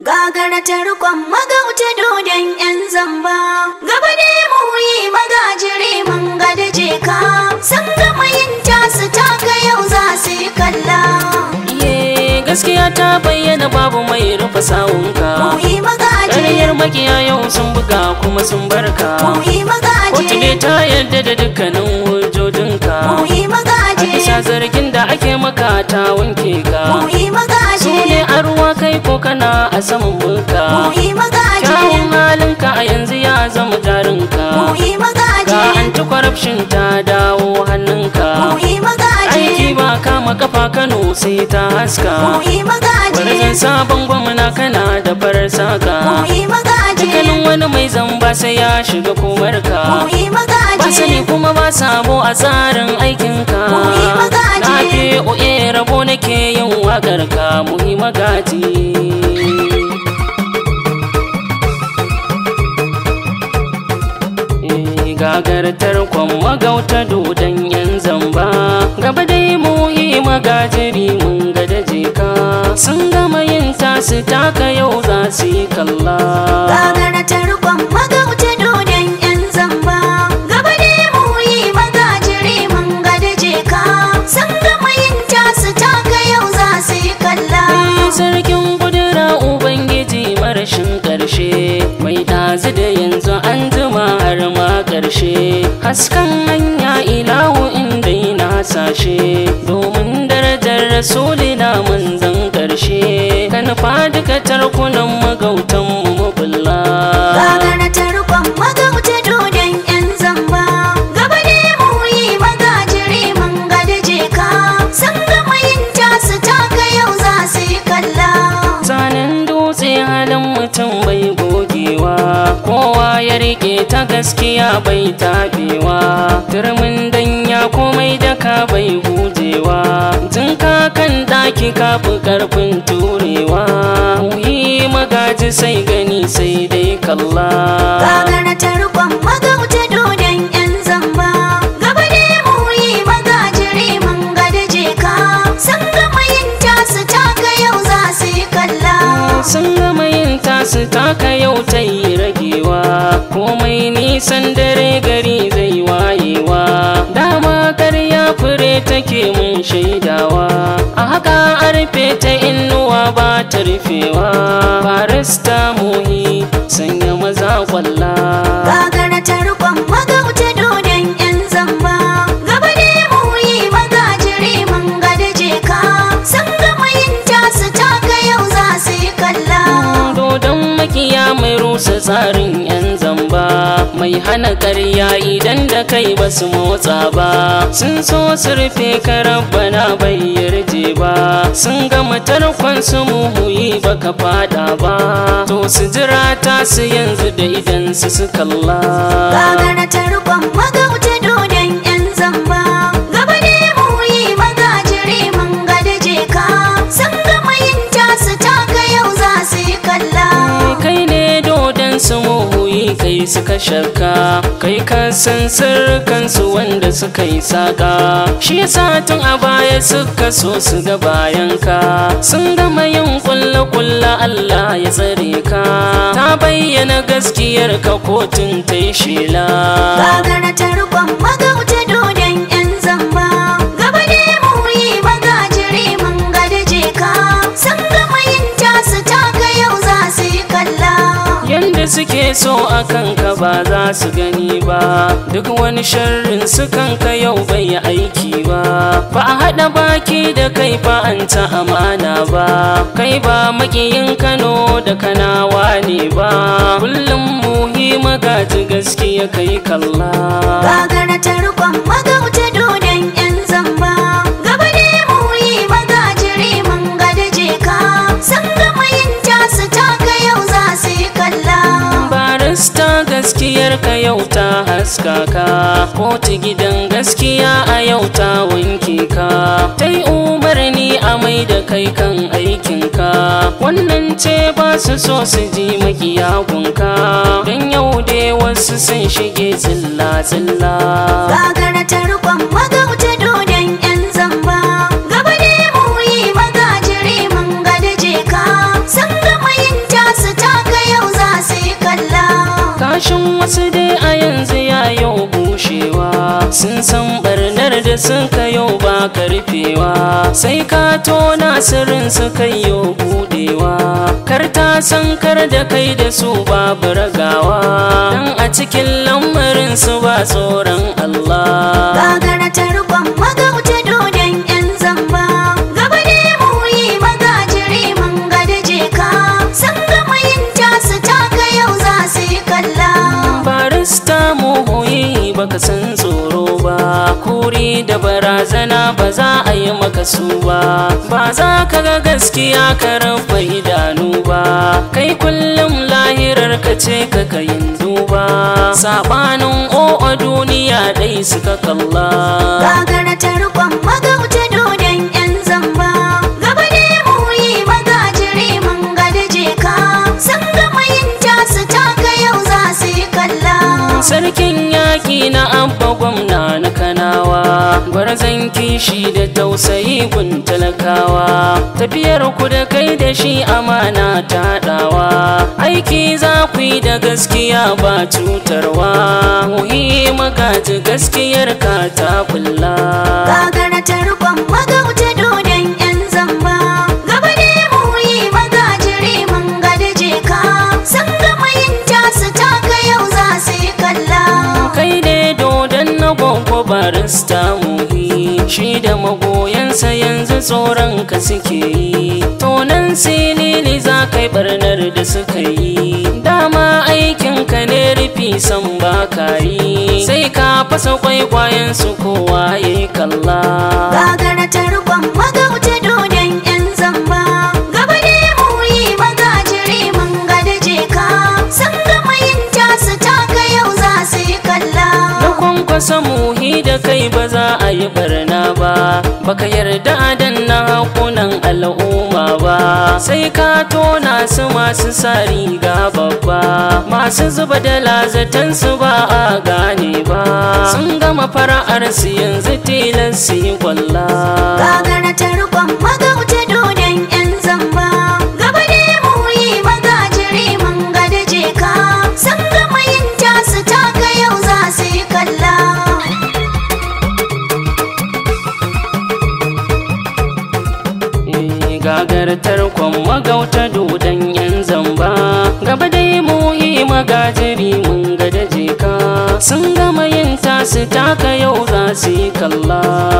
Gagara ta rikon magauta dodon 'yan zamba, gaba ne mu yi magajiri mun gada jeka, sun gama yin tasu taka yau za su yi kalla. Iye gaskiya ta bayyana babu mai rufa sawunka, mu yi magajiri. yau sun buga kuma sun barka, mu yi magajiri. Kotu ne ta yarda da dukkanin hujjodinka, mu zargin da ake maka ta wanke ka muhi Su ne a ruwa kai ko kana a saman mulka. Mu'i kyawun halinka a yanzu ya zama jarinka Mu'i magashe ka anti corruption ta dawo hannunka Mu'i magashe aiki ba kama kafa Kano sai ta haska muhi magashe sabon gwamna kana da farar ka muhi dukkanin wani mai zamba sai ya shiga kumarka Mu'i sani kuma ba samu a tsarin aikinka na fi oye rabo nake yin wakar ka muhi magaji eh, gagartar kwan magauta dodon yan zamba gaba dai muhi magajiri mun gada jeka sun gama yin tasi taka yau za su yi kalla mai ɗazu da yanzu an zuma har ma ƙarshe Hasken hanya ilahu in daina sashe domin darajar rasulina manzan ƙarshe kan faɗi ka tarkunan kowa ya rike ta gaskiya bai taɓewa turmin danya komai ka bai gujewa tun kakan ɗaki kafi ƙarfin turewa wuyi magaji sai gani sai dai kalla gagara ta rikon magauta dodon yan zamba gaba ne muyi magaji riman gada je ka sun gama yin tasu taka yau za su yi kalla sun gama yin tasu taka yau ta yi komai nisan dare gari zai wayewa dama karya fure take mun shaidawa a haka a rufe ta innuwa ba ta rufewa barista muhi sanya maza kwalla gagara ta rukon magauta dodon yan zamba gaba ne muhi magajiri mun gada jeka san gama yin taka yau za su yi kalla dodon makiya mai rusa tsarin mai hana karya idan da kai ba su motsa ba sun so su rufe ka rabbana bai yarje ba sun ga tarkon su muhuyi ba ka fada ba to su jira ta su yanzu da idan su su kalla. Ba tarkon maga suka shaka kai ka san sirrikansu wanda suka yi saƙa shi yasa tun a baya suka so su ga bayan ka sun gama yin kulla-kulla Allah ya tsare ka ta bayyana gaskiyar ka kotun ta yi shela gagara ta magauta suke so a kanka ba za su gani ba duk wani sharrin su kanka yau bai yi aiki ba ba a haɗa baki da kai ba an ta amana ba kai ba makiyin kano da kanawa ne ba kullum muhi magaji gaskiya kai ta haska ka kotu gidan gaskiya a yau ta wanke ka tai umarni a mai da kai kan aikin ka wannan ce ba su so su ji makiya gunka don yau dai wasu sun shige zilla-zilla. sun yau ba karfewa sai ka tona sirrin su kayo budewa kar ta san kar da kai da su babu ragawa dan a cikin lamarin su ba tsoron barazana ba za a yi maka su ba ba za ka ga gaskiya ka rufe idanu ba kai kullum lahirar ka ce ka kayin duba Saɓanin o'o duniya dai suka kalla gagara ta rikon magauta dodon yan zamba gaba ne mu yi magajiri mun gada je sun gama yin tasu taka yau za su yi kalla sarkin yaƙi na abba kishi da tausayi gun talakawa tafiyar ku da kai da shi amana ta haɗawa aiki za ku yi da gaskiya ba cutarwa muhi magaji gaskiyar ka ta kulla gagara ta rukon magauta dodon yan zamba gaba ne mu yi magajiri mun gada je ka san gama taka yau za su yi kalla kai ne dodon na gongo barista mu shi da magoyansa yanzu tsoronka ka suke yi tonan silili za ka yi barnar da suka yi dama aikinka ne rufi san ba ka sai ka fasa kwaikwayan su kowa kai ba za a yi barna ba baka yarda dan na hakunan al'umma ba sai ka tona su masu sa riga babba masu zuba da lazatan su ba a gane ba sun gama fara'ar su yanzu tilan su yi kwalla gagartar kwan magauta dodon yan zamba gaba dai mu yi magajiri mun gada jeka sun gama yin tasu taka yau za su yi kalla